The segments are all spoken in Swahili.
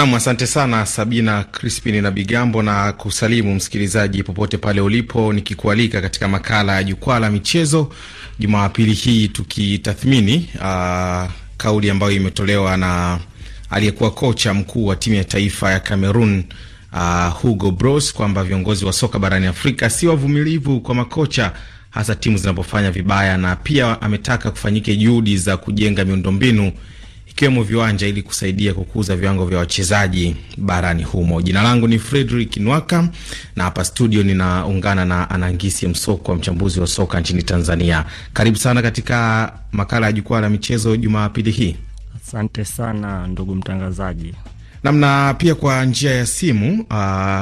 Nam, asante sana Sabina Crispin na Bigambo, na kusalimu msikilizaji popote pale ulipo, nikikualika katika makala ya jukwaa la michezo Jumapili hii tukitathmini uh, kauli ambayo imetolewa na aliyekuwa kocha mkuu wa timu ya taifa ya Cameroon uh, Hugo Bros kwamba viongozi wa soka barani Afrika si wavumilivu kwa makocha hasa timu zinapofanya vibaya, na pia ametaka kufanyike juhudi za kujenga miundombinu ikiwemo viwanja ili kusaidia kukuza viwango vya wachezaji barani humo. Jina langu ni Fredrick Nwaka na hapa studio ninaungana na Anangisi Msoko, mchambuzi wa soka nchini Tanzania. Karibu sana katika makala ya jukwaa la michezo Jumapili hii. Asante sana ndugu mtangazaji namna pia kwa njia ya simu uh,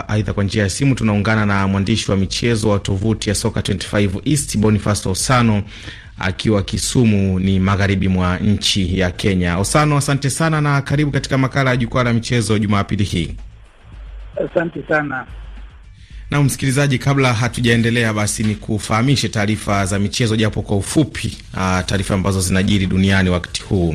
aidha kwa njia ya simu tunaungana na mwandishi wa michezo wa tovuti ya Soka 25 East Boniface Osano akiwa Kisumu ni magharibi mwa nchi ya Kenya. Osano, asante sana na karibu katika makala ya jukwaa la michezo Jumapili hii. Asante sana. Na msikilizaji, kabla hatujaendelea, basi ni kufahamishe taarifa za michezo japo kwa ufupi, ah, taarifa ambazo zinajiri duniani wakati huu.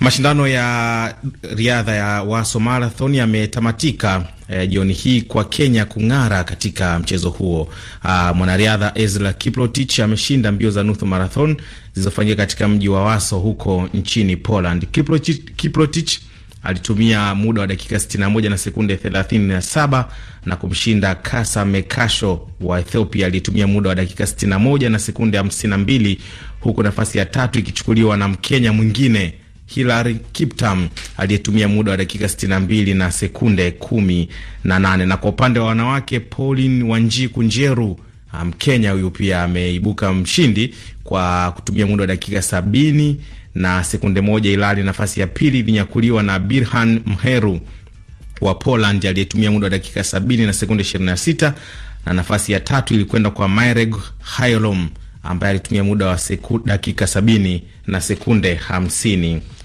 Mashindano ya riadha ya Waso Marathon yametamatika e, jioni hii kwa Kenya kung'ara katika mchezo huo. Ah, mwanariadha Ezra Kiplotich ameshinda mbio za nusu marathon zilizofanyika katika mji wa Waso huko nchini Poland. Kiplotich, Kiplotich alitumia muda wa dakika 61 na sekunde 37 na kumshinda Kasa Mekasho wa Ethiopia aliyetumia muda wa dakika 61 na sekunde 52, huku nafasi ya tatu ikichukuliwa na Mkenya mwingine Hilary Kiptam aliyetumia muda wa dakika 62 na sekunde 18. Na, na kwa upande wa wanawake Pauline Wanjiku Njeru Mkenya um, huyu pia ameibuka mshindi kwa kutumia muda wa dakika sabini na sekunde moja. Ilali nafasi ya pili ilinyakuliwa na Birhan Mheru wa Poland aliyetumia muda wa dakika sabini na sekunde ishirini na nafasi ya tatu ilikwenda kwa Marek Hailom ambaye alitumia muda wa seku, dakika sabini na sekunde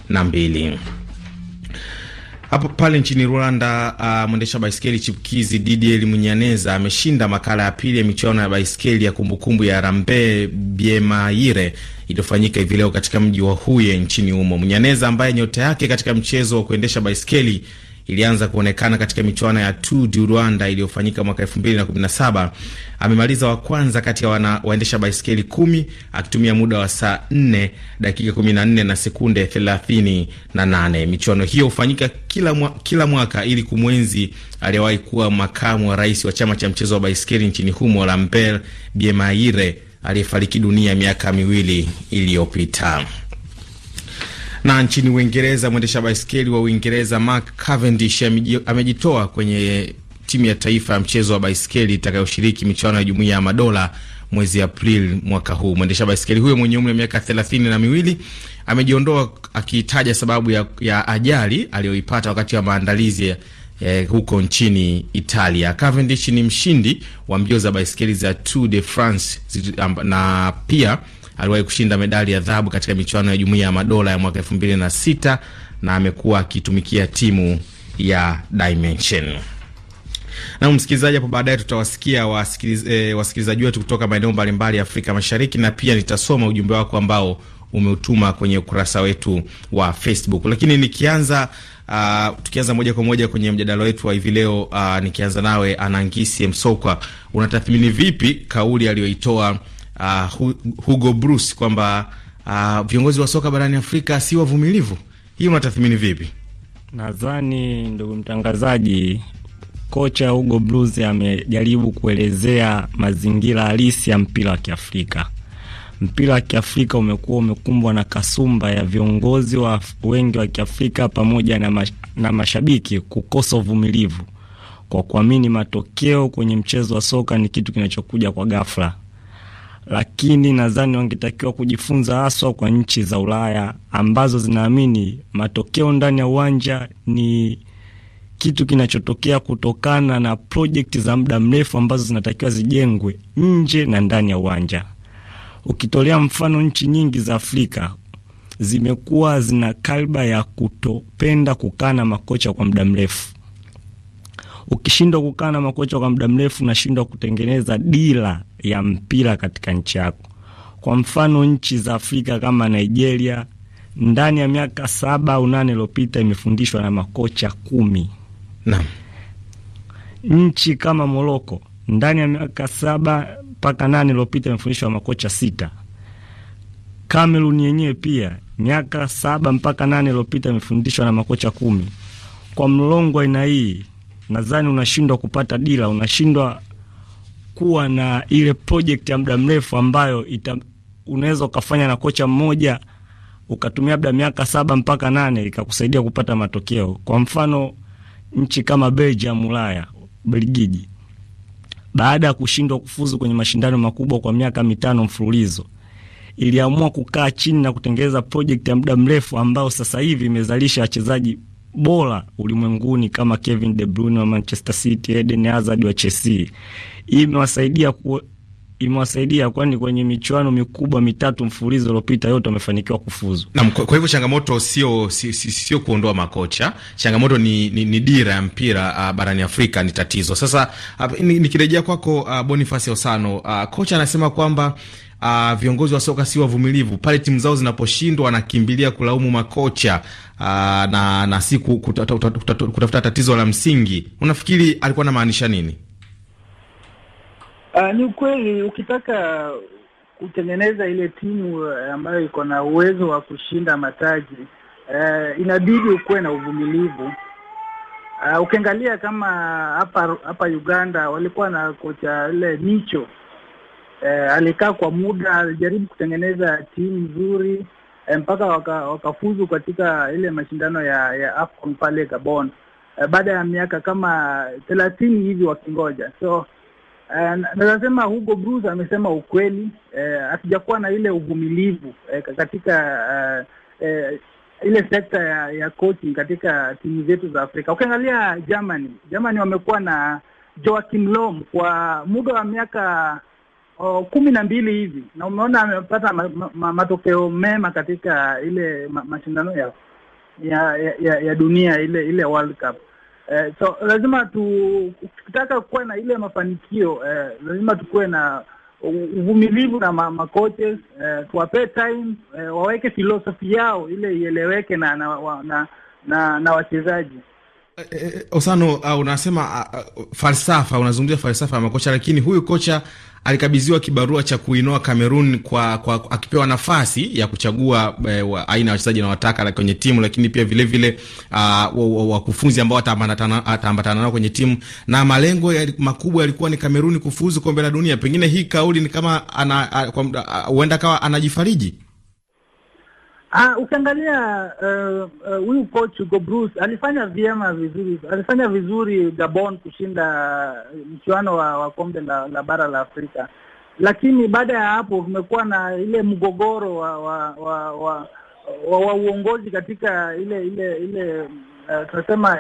na mbili hapo pale nchini Rwanda, uh, mwendesha baiskeli chipukizi Didier Munyaneza ameshinda makala ya pili ya michuano ya baiskeli ya kumbukumbu ya rambe Biemayire iliyofanyika hivi leo katika mji wa Huye nchini humo. Munyaneza ambaye nyota yake katika mchezo wa kuendesha baiskeli ilianza kuonekana katika michuano ya Tour du Rwanda iliyofanyika mwaka 2017. Amemaliza wa kwanza kati ya wana, waendesha baiskeli kumi akitumia muda wa saa 4 dakika 14 na sekunde 38. Michuano hiyo hufanyika kila, mwa, kila mwaka ili kumwenzi aliyewahi kuwa makamu wa rais wa chama cha mchezo wa baiskeli nchini humo Lambert Biemaire aliyefariki dunia miaka miwili iliyopita. Na nchini Uingereza, mwendesha baiskeli wa Uingereza Mark Cavendish amejitoa kwenye timu ya taifa ya mchezo wa baiskeli itakayoshiriki michuano ya Jumuiya ya Madola mwezi april mwaka huu. Mwendesha baiskeli huyo mwenye umri wa miaka thelathini na miwili amejiondoa akiitaja sababu ya, ya ajali aliyoipata wakati wa maandalizi eh, huko nchini Italia. Cavendish ni mshindi wa mbio za baiskeli za Tour de France na pia aliwahi kushinda medali ya dhahabu katika michuano ya Jumuiya ya Madola ya mwaka 2006 na na amekuwa akitumikia timu ya Dimension. Na msikilizaji, hapo baadaye tutawasikia eh, wasikilizaji wetu kutoka maeneo mbalimbali ya Afrika Mashariki, na pia nitasoma ujumbe wako ambao umeutuma kwenye ukurasa wetu wa Facebook. Lakini nikianza uh, tukianza moja kwa moja kwenye mjadala wetu wa hivi leo uh, nikianza nawe Anangisi Msokwa, unatathmini vipi kauli aliyoitoa uh, Hugo Bruce kwamba uh, viongozi wa soka barani Afrika si wavumilivu. Hiyo unatathmini vipi? Nadhani ndugu mtangazaji, kocha Hugo Bruce amejaribu kuelezea mazingira halisi ya mpira wa Kiafrika. Mpira wa Kiafrika umekuwa umekumbwa na kasumba ya viongozi wa wengi wa Kiafrika pamoja na, mash, na mashabiki kukosa uvumilivu kwa kuamini matokeo kwenye mchezo wa soka ni kitu kinachokuja kwa ghafla lakini nadhani wangetakiwa kujifunza haswa kwa nchi za Ulaya ambazo zinaamini matokeo ndani ya uwanja ni kitu kinachotokea kutokana na projekti za muda mrefu ambazo zinatakiwa zijengwe nje na ndani ya uwanja. Ukitolea mfano, nchi nyingi za Afrika zimekuwa zina kalba ya kutopenda kukaa na makocha kwa muda mrefu. Ukishindwa kukaa na makocha kwa muda mrefu, unashindwa kutengeneza dira ya mpira katika nchi yako. Kwa mfano nchi za Afrika kama Nigeria, ndani ya miaka saba au nane iliyopita imefundishwa na makocha kumi. Naam. Nchi kama Moroko ndani ya miaka saba mpaka nane iliyopita imefundishwa na makocha sita. Kamerun yenyewe pia miaka saba mpaka nane iliyopita imefundishwa na makocha kumi. Kwa mlongo aina hii, nadhani unashindwa kupata dira, unashindwa kuwa na ile project ya muda mrefu ambayo unaweza ukafanya na kocha mmoja ukatumia labda miaka saba mpaka nane ikakusaidia kupata matokeo. Kwa mfano nchi kama Belgium, Ulaya, Belgiji, baada ya kushindwa kufuzu kwenye mashindano makubwa kwa miaka mitano mfululizo iliamua kukaa chini na kutengeneza project ya muda mrefu ambayo sasa hivi imezalisha wachezaji bora ulimwenguni kama Kevin De Bruyne wa Manchester City, Eden Hazard wa Chelsea. Hii imewasaidia ku, imewasaidia kwani kwenye michuano mikubwa mitatu mfulizo iliyopita yote wamefanikiwa kufuzu. Naam, kwa hivyo changamoto sio si, si, sio kuondoa makocha, changamoto ni, ni, ni dira ya mpira uh, barani Afrika ni tatizo. Sasa uh, ah, nikirejea ni kwako uh, Boniface Osano uh, kocha anasema kwamba uh, viongozi wa soka si wavumilivu pale timu zao zinaposhindwa wanakimbilia kulaumu makocha uh, na, na si kutafuta tatizo la msingi. Unafikiri alikuwa maanisha nini? Uh, ni ukweli ukitaka kutengeneza ile timu eh, ambayo iko na uwezo wa kushinda mataji uh, inabidi ukuwe na uvumilivu. Uh, ukiangalia kama hapa hapa Uganda walikuwa na kocha ile Micho eh, alikaa kwa muda, alijaribu kutengeneza timu nzuri eh, mpaka wakafuzu waka katika ile mashindano ya ya AFCON pale Gabon eh, baada ya miaka kama thelathini hivi wakingoja so eh, Nazasema Hugo Broos amesema ukweli eh, na ile uvumilivu eh, katika eh, eh, ile sekta ya, ya coaching katika timu zetu za Afrika. Ukiangalia Germany, Germany wamekuwa na Joachim lom kwa muda wa miaka o, kumi na mbili hivi na umeona amepata ma, ma, ma, matokeo mema katika ile ma, mashindano ya ya, ya ya dunia ile ile World Cup. Eh, so lazima tukitaka kuwa na ile mafanikio eh, lazima tukuwe na uvumilivu na ma, makoches eh, tuwapee time eh, waweke filosofi yao ile ieleweke na na, na, na, na wachezaji. Eh, eh, Osano uh, unasema uh, falsafa, unazungumzia falsafa ya makocha, lakini huyu kocha alikabidhiwa kibarua cha kuinoa Kamerun kwa, kwa akipewa nafasi ya kuchagua eh, wa, aina ya wachezaji anawataka kwenye timu, lakini pia vile vile uh, wakufunzi ambao ataambatana nao kwenye timu, na malengo ya, makubwa yalikuwa ni Kamerun kufuzu kombe la dunia. Pengine hii kauli ni kama ana, huenda kawa anajifariji Ah, ukiangalia huyu uh, uh, coach Bruce alifanya vyema vizuri, alifanya vizuri Gabon kushinda mchuano wa, wa kombe la, la bara la Afrika, lakini baada ya hapo kumekuwa na ile mgogoro wa wa wa, wa, wa, wa uongozi katika ile ile ile uh, tunasema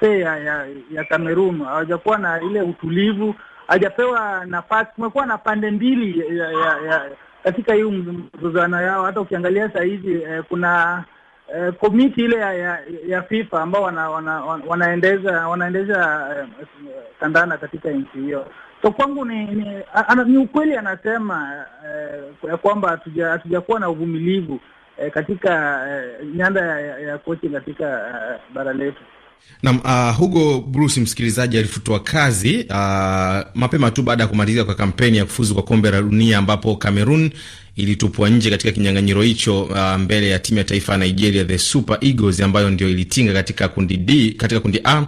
FA eh, ya ya, ya Cameroon. Hawajakuwa na ile utulivu, hajapewa nafasi, kumekuwa na pande mbili ya, ya, ya katika hii mzozano yao. Hata ukiangalia saa hizi eh, kuna eh, komiti ile ya, ya, ya FIFA ambao wana, wana, wana, wanaendeza wanaendesha eh, kandana katika nchi hiyo. So kwangu ni, ni, ana, ni ukweli anasema eh, ya eh, kwamba hatujakuwa na uvumilivu eh, katika eh, nyanda ya, ya, ya kochi katika eh, bara letu. Nam uh, ah, Hugo Bruce msikilizaji alifutwa kazi uh, mapema tu baada ya kumalizika kwa kampeni ya kufuzu kwa kombe la dunia ambapo Cameroon ilitupwa nje katika kinyang'anyiro hicho uh, mbele ya timu ya taifa ya Nigeria the Super Eagles ambayo ndio ilitinga katika kundi D, katika kundi A.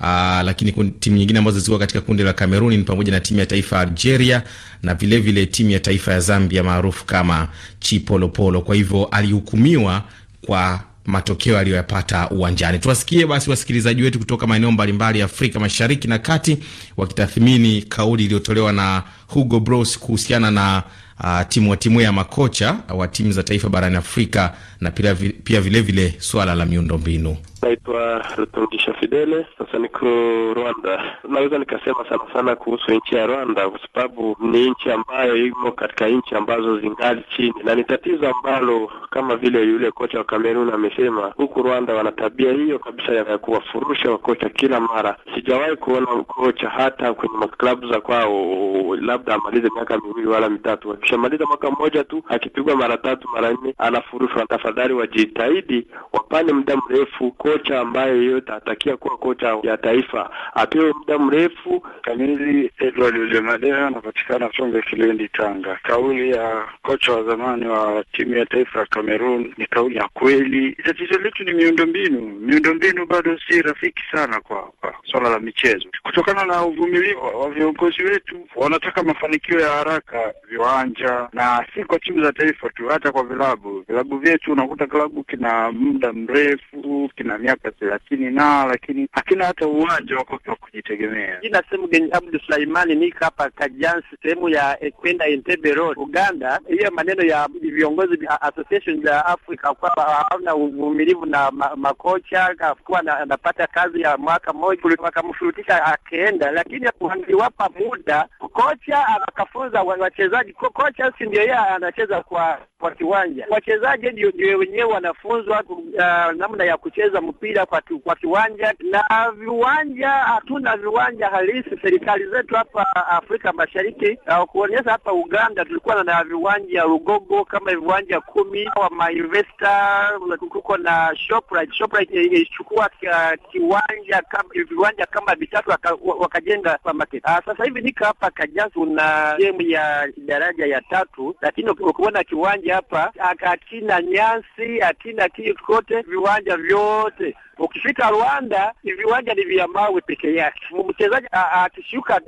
Uh, lakini timu nyingine ambazo zilikuwa katika kundi la Cameroon ni pamoja na timu ya taifa ya Algeria na vilevile timu ya taifa ya Zambia maarufu kama Chipolopolo. Kwa hivyo alihukumiwa kwa matokeo aliyoyapata uwanjani. Tuwasikie basi wasikilizaji wetu kutoka maeneo mbalimbali ya Afrika Mashariki na Kati wakitathmini kauli iliyotolewa na Hugo Bros kuhusiana na uh, timu wa timu ya makocha wa timu za taifa barani Afrika na pia vilevile vile suala la miundombinu. Naitwa Rutungisha Fidele, sasa niko Rwanda. Naweza nikasema sana sana kuhusu nchi ya Rwanda kwa sababu ni nchi ambayo imo katika nchi ambazo zingali chini, na ni tatizo ambalo kama vile yule kocha wa Kamerun amesema, huku Rwanda wana tabia hiyo kabisa ya kuwafurusha wakocha kila mara. Sijawahi kuona kocha hata kwenye maklabu za kwao, labda amalize miaka miwili wala mitatu, akishamaliza mwaka mmoja tu akipigwa mara tatu mara nne anafurushwa. Tafadhali wajitahidi wapane muda mrefu ko kocha ambaye yeyote atakia kuwa kocha ya taifa apewe muda mrefu. Kamili Edward Ulemadea anapatikana Songe Kilindi, Tanga. Kauli ya kocha wa zamani wa timu ya taifa ya Cameroon ni kauli ya kweli. Tatizo letu ni miundombinu, miundombinu bado si rafiki sana kwa, kwa swala la michezo, kutokana na uvumilivu wa viongozi wetu. Wanataka mafanikio ya haraka, viwanja, na si kwa timu za taifa tu, hata kwa vilabu. Vilabu vyetu unakuta klabu kina muda mrefu, kina miaka thelathini na lakini hakina hata uwanja wa kujitegemea. Jina sehemu genye Abdu Sulaimani, niko hapa Kajansi, sehemu ya kwenda Entebbe Road, Uganda. Hiyo maneno ya viongozi vya association za Afrika kwamba hawana uvumilivu na ma, makocha kuwa anapata kazi ya mwaka mmoja wakamshurutisha akaenda, lakini angiwapa muda kocha akafunza wachezaji. Kocha si ndio yeye anacheza kwa kwa kiwanja. Wachezaji ndio wenyewe wanafunzwa uh, namna ya kucheza mpira kwa, tu, kwa kiwanja na viwanja. Hatuna viwanja halisi serikali zetu hapa Afrika Mashariki. Uh, kuonyesha hapa Uganda tulikuwa na viwanja Rugogo kama viwanja kumi wa mainvesta, kuko na Shoprite. Shoprite ilichukua uh, kiwanja kama, viwanja kama vitatu waka, wakajenga supermarket. Uh, sasa hivi niko hapa Kajazu na sehemu ya daraja ya tatu, lakini ukiona kiwanja hapa hatina nyasi, atina kitu kote, viwanja vyote. Ukifika Rwanda viwanja ni vya mawe peke yake. Mchezaji akishuka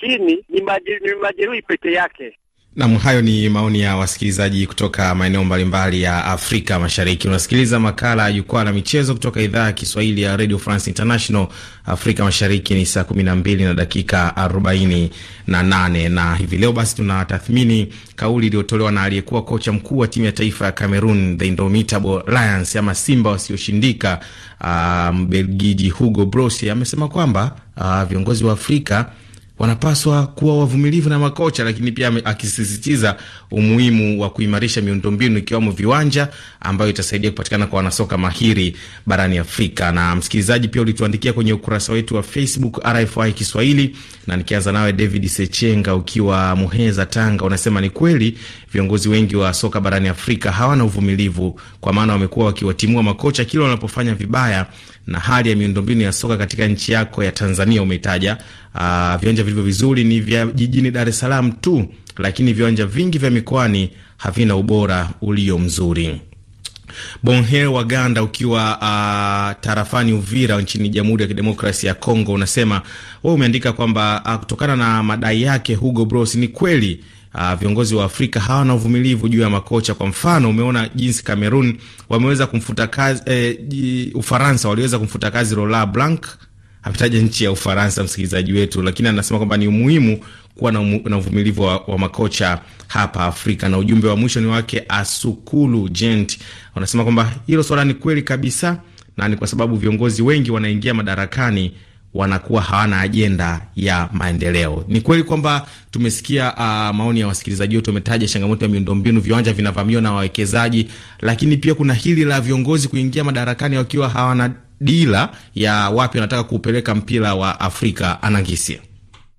chini ni majeruhi peke yake. Nam, hayo ni maoni ya wasikilizaji kutoka maeneo mbalimbali ya Afrika Mashariki. Unasikiliza makala ya Jukwaa la Michezo kutoka idhaa ya Kiswahili ya Radio France International. Afrika Mashariki ni saa kumi na mbili na dakika arobaini na nane na hivi leo basi tunatathmini kauli iliyotolewa na aliyekuwa kocha mkuu wa timu ya taifa ya Cameroon, the Indomitable Lions ama Simba wasioshindika, ah, Mbelgiji um, Hugo Brosi amesema kwamba uh, viongozi wa Afrika wanapaswa kuwa wavumilivu na makocha, lakini pia akisisitiza umuhimu wa kuimarisha miundombinu ikiwemo viwanja ambayo itasaidia kupatikana kwa wanasoka mahiri barani Afrika. Na msikilizaji, pia ulituandikia kwenye ukurasa wetu wa Facebook RFI Kiswahili, na nikianza nawe David Sechenga ukiwa Muheza, Tanga, unasema ni kweli viongozi wengi wa soka barani Afrika hawana uvumilivu, kwa maana wamekuwa wakiwatimua makocha kila wanapofanya vibaya na hali ya miundombinu ya soka katika nchi yako ya Tanzania umeitaja. Uh, viwanja vilivyo vizuri ni vya jijini Dar es Salaam tu, lakini viwanja vingi vya mikoani havina ubora ulio mzuri. Bonhe Waganda, ukiwa uh, tarafani Uvira nchini Jamhuri ya Kidemokrasia ya Kongo, unasema wewe umeandika kwamba uh, kutokana na madai yake Hugo Bros ni kweli uh, viongozi wa Afrika hawana uvumilivu juu ya makocha. Kwa mfano, umeona jinsi Cameroon wameweza kumfuta kazi eh, Ufaransa waliweza kumfuta kazi Laurent Blanc. Ametaja nchi ya Ufaransa, msikilizaji wetu, lakini anasema kwamba ni umuhimu kuwa na uvumilivu wa, wa makocha hapa Afrika. Na ujumbe wa mwisho ni wake Asukulu Gent, wanasema kwamba hilo swala ni kweli kabisa, na ni kwa sababu viongozi wengi wanaingia madarakani wanakuwa hawana ajenda ya maendeleo. Ni kweli kwamba tumesikia uh, maoni ya wasikilizaji wetu, wametaja changamoto ya miundombinu, viwanja vinavamiwa na wawekezaji, lakini pia kuna hili la viongozi kuingia madarakani wakiwa hawana dira ya wapi wanataka kuupeleka mpira wa Afrika. Anangisia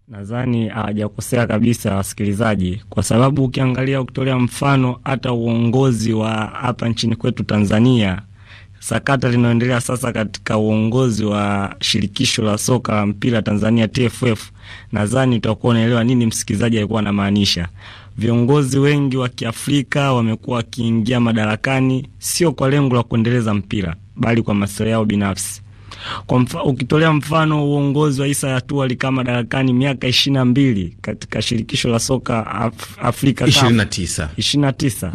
nadhani uh, kabisa wasikilizaji, kwa sababu ukiangalia, ukitolea mfano hata uongozi wa hapa nchini kwetu Tanzania sakata linaloendelea sasa katika uongozi wa shirikisho la soka la mpira Tanzania TFF, nadhani utakuwa unaelewa nini msikilizaji alikuwa anamaanisha. Viongozi wengi wa Kiafrika wamekuwa wakiingia madarakani sio kwa lengo la kuendeleza mpira, bali kwa maslahi yao binafsi. Kwa mfa, ukitolea mfano uongozi wa Isa Hayatou alikaa madarakani miaka ishirini na mbili katika shirikisho la soka Af Afrika ishirini na tisa ishirini na tisa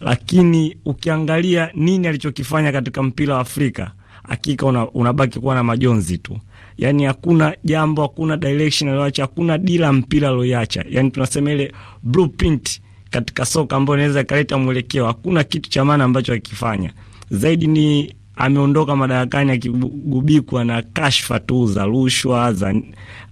lakini ukiangalia nini alichokifanya katika mpira wa Afrika, hakika unabaki una kuwa na majonzi tu. Yani hakuna jambo, hakuna direction aliyoacha, hakuna dira mpira aliyoacha. Yani tunasema ile blueprint katika soka ambayo inaweza ikaleta mwelekeo. Hakuna kitu cha maana ambacho akifanya zaidi ni ameondoka madarakani akigubikwa na kashfa tu za rushwa za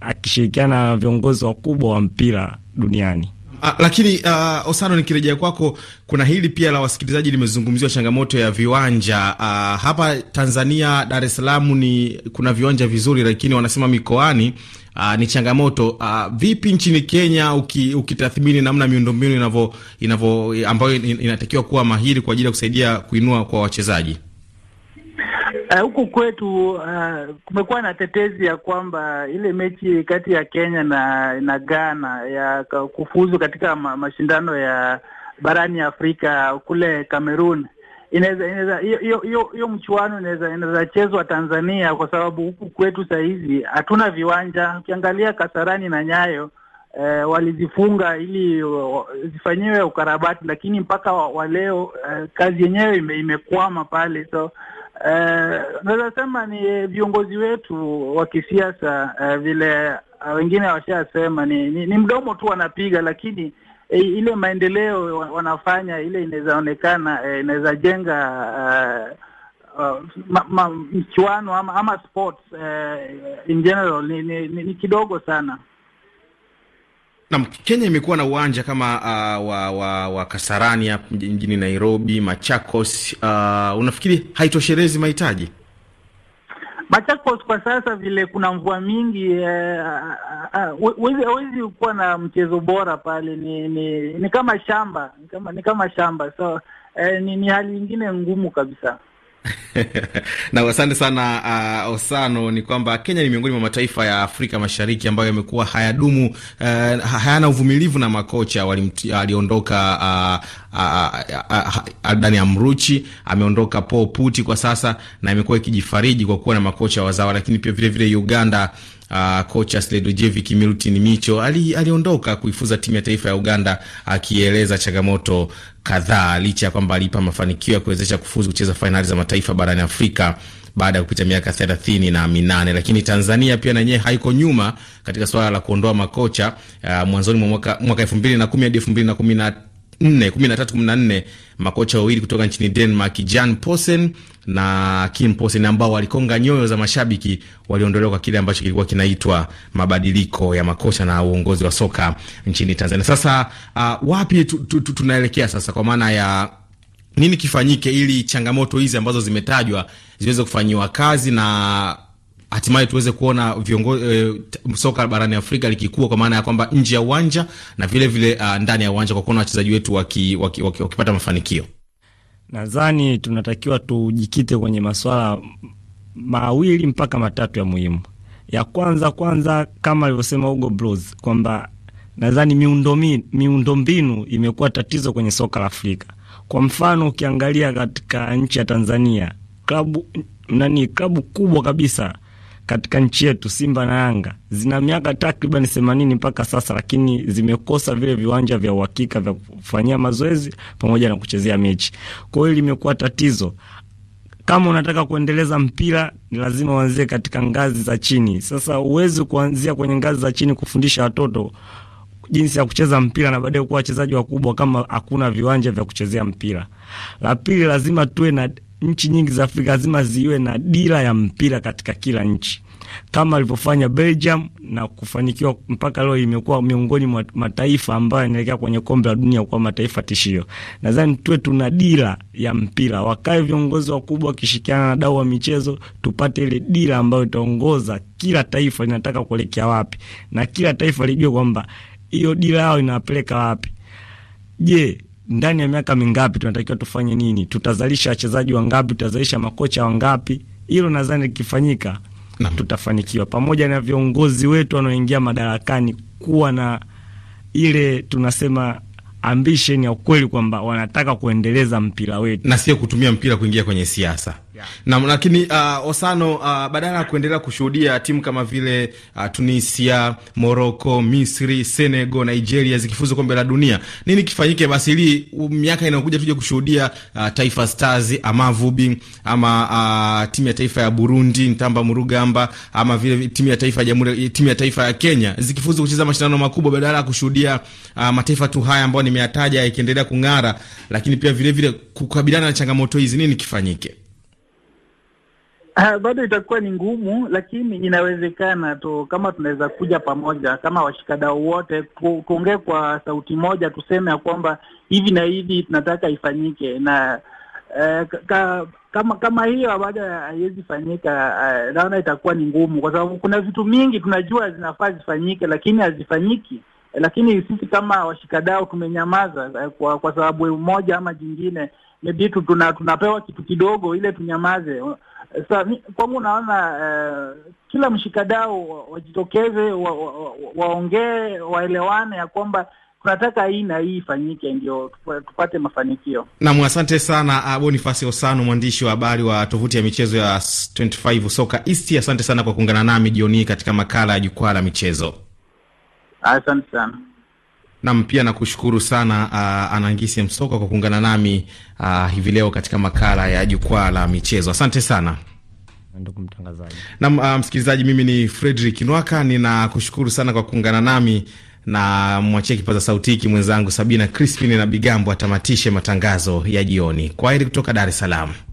akishirikiana na viongozi wakubwa wa mpira duniani. A, ah, lakini uh, Osano, nikirejea kwako, kuna hili pia la wasikilizaji limezungumziwa, changamoto ya viwanja uh, hapa Tanzania, Dar es Salaam ni kuna viwanja vizuri, lakini wanasema mikoani uh, ni changamoto uh, vipi nchini Kenya uki, ukitathmini namna miundombinu inavyo inavyo ambayo inatakiwa kuwa mahiri kwa ajili ya kusaidia kuinua kwa wachezaji? Eh, huku kwetu uh, kumekuwa na tetezi ya kwamba ile mechi kati ya Kenya na na Ghana ya kufuzu katika ma, mashindano ya barani Afrika kule Cameroon inaweza hiyo mchuano inaweza chezwa Tanzania, kwa sababu huku kwetu sahizi hatuna viwanja. Ukiangalia Kasarani na Nyayo eh, walizifunga ili zifanyiwe ukarabati, lakini mpaka wa leo eh, kazi yenyewe ime, imekwama pale, so Eh, naweza sema ni eh, viongozi wetu wa kisiasa uh, vile uh, wengine washasema ni, ni, ni mdomo tu wanapiga, lakini e, ile maendeleo wanafanya ile inawezaonekana e, inaweza jenga uh, Uh, oh, mchuano ama, ama sports uh, in general ni, ni, ni, ni kidogo sana. Nam, Kenya imekuwa na uwanja kama uh, wa, wa, wa Kasarani mjini Nairobi, Machakos. Uh, unafikiri haitoshelezi mahitaji Machakos kwa sasa vile kuna mvua mingi hawezi eh, ah, uh, kuwa na mchezo bora pale. Ni, ni ni kama shamba ni kama, ni kama shamba so uh, ni, ni hali ingine ngumu kabisa. na asante sana uh, Osano. Ni kwamba Kenya ni miongoni mwa mataifa ya Afrika Mashariki ambayo yamekuwa hayadumu, uh, hayana uvumilivu na makocha. waliondoka uh, Aldani Amruchi ameondoka, Paul Puti kwa sasa, na imekuwa ikijifariji kwa kuwa na makocha wazawa, lakini pia vilevile vile Uganda Uh, kocha Sredojevic Milutin Micho ali, aliondoka kuifuza timu ya taifa ya Uganda akieleza changamoto kadhaa licha ya kwamba alipa mafanikio ya kuwezesha kufuzu kucheza fainali za mataifa barani Afrika baada ya kupita miaka thelathini na minane. Lakini Tanzania pia na yenyewe haiko nyuma katika swala la kuondoa makocha. Uh, mwanzoni mwa mwaka elfu mbili na kumi hadi elfu mbili na kumi na 4 13 14 makocha wawili kutoka nchini Denmark Jan Posen na Kim Posen, ambao walikonga nyoyo za mashabiki waliondolewa kwa kile ambacho kilikuwa kinaitwa mabadiliko ya makocha na uongozi wa soka nchini Tanzania. Sasa uh, wapi tu, tu, tu, tunaelekea sasa kwa maana ya nini kifanyike ili changamoto hizi ambazo zimetajwa ziweze kufanyiwa kazi na hatimaye tuweze kuona viongozi e, eh, soka barani Afrika likikua kwa maana ya kwamba nje ya uwanja na vile vile uh, ndani ya uwanja kwa kuona wachezaji wetu wakipata waki, waki, waki mafanikio. Nadhani tunatakiwa tujikite kwenye masuala mawili mpaka matatu ya muhimu. Ya kwanza kwanza, kama alivyosema Hugo Bros kwamba nadhani miundombinu imekuwa tatizo kwenye soka la Afrika. Kwa mfano, ukiangalia katika nchi ya Tanzania klabu nani klabu kubwa kabisa katika nchi yetu Simba na Yanga zina miaka takriban themanini mpaka sasa, lakini zimekosa vile viwanja vya uhakika vya kufanyia mazoezi pamoja na kuchezea mechi. Kwa hiyo limekuwa tatizo. Kama unataka kuendeleza mpira ni lazima uanzie katika ngazi za chini. Sasa uwezi kuanzia kwenye ngazi za chini kufundisha watoto jinsi ya kucheza mpira na baadaye kuwa wachezaji wakubwa kama hakuna viwanja vya kuchezea mpira. La pili, lazima tuwe na nchi nyingi za Afrika lazima ziwe na dira ya mpira katika kila nchi kama alivyofanya Belgium na kufanikiwa mpaka leo, imekuwa miongoni mwa mataifa ambayo yanaelekea kwenye kombe la dunia kuwa mataifa tishio. Nadhani tuwe tuna dira ya mpira, wakae viongozi wakubwa wakishirikiana na wadau wa michezo, tupate ile dira ambayo itaongoza kila taifa linataka kuelekea wapi, na kila taifa lijue kwamba hiyo dira yao inawapeleka wapi. Je, ndani ya miaka mingapi tunatakiwa tufanye nini, tutazalisha wachezaji wangapi, tutazalisha makocha wangapi. Hilo nadhani likifanyika tutafanikiwa, pamoja na viongozi wetu wanaoingia madarakani kuwa na ile tunasema ambisheni ya ukweli kwamba wanataka kuendeleza mpira wetu na sio kutumia mpira kuingia kwenye siasa yeah. Naam, lakini uh, Osano, uh, badala ya kuendelea kushuhudia timu kama vile uh, Tunisia, Morocco, Misri, Senegal, Nigeria zikifuzu kombe la dunia, nini kifanyike basi ili miaka inayokuja tuje kushuhudia uh, Taifa Stars ama Vubi ama uh, timu ya taifa ya Burundi Ntamba Murugamba ama vile timu ya taifa ya Jamhuri, timu ya taifa ya Kenya zikifuzu kucheza mashindano makubwa badala ya kushuhudia uh, mataifa tu haya ambayo nimeyataja yakiendelea kung'ara, lakini pia vile vile kukabiliana na changamoto hizi, nini kifanyike? Ha, ah, bado itakuwa ni ngumu, lakini inawezekana tu, kama tunaweza kuja pamoja kama washikadau wote, kuongea kwa sauti moja, tuseme ya kwamba hivi na hivi tunataka ifanyike na eh, ka, kama kama hiyo bado haiwezi fanyika, eh, naona itakuwa ni ngumu, kwa sababu kuna vitu mingi tunajua zinafaa zifanyike, lakini hazifanyiki eh, lakini sisi kama washikadau tumenyamaza eh, kwa kwa sababu moja ama jingine, maybe tuna, tunapewa kitu kidogo ile tunyamaze. Sasa kwangu naona uh, kila mshikadau wajitokeze, waongee, wa, wa waelewane ya kwamba tunataka hii na hii ifanyike ndio tupate mafanikio. Nam, asante sana ah, Bonifasi Osano, mwandishi wa habari wa tovuti ya michezo ya 25 Soka East. Asante sana kwa kuungana nami jioni hii katika makala ya jukwaa la michezo. Asante sana. Nam, pia nakushukuru sana uh, Anangisi Msoka kwa kuungana nami uh, hivi leo katika makala ya jukwaa la michezo. Asante sana Nam uh, msikilizaji, mimi ni Fredrik Nwaka, ninakushukuru sana kwa kuungana nami na mwachie kipaza sauti hiki mwenzangu Sabina Crispin na Bigambo atamatishe matangazo ya jioni. kwa heri kutoka Dar es Salaam.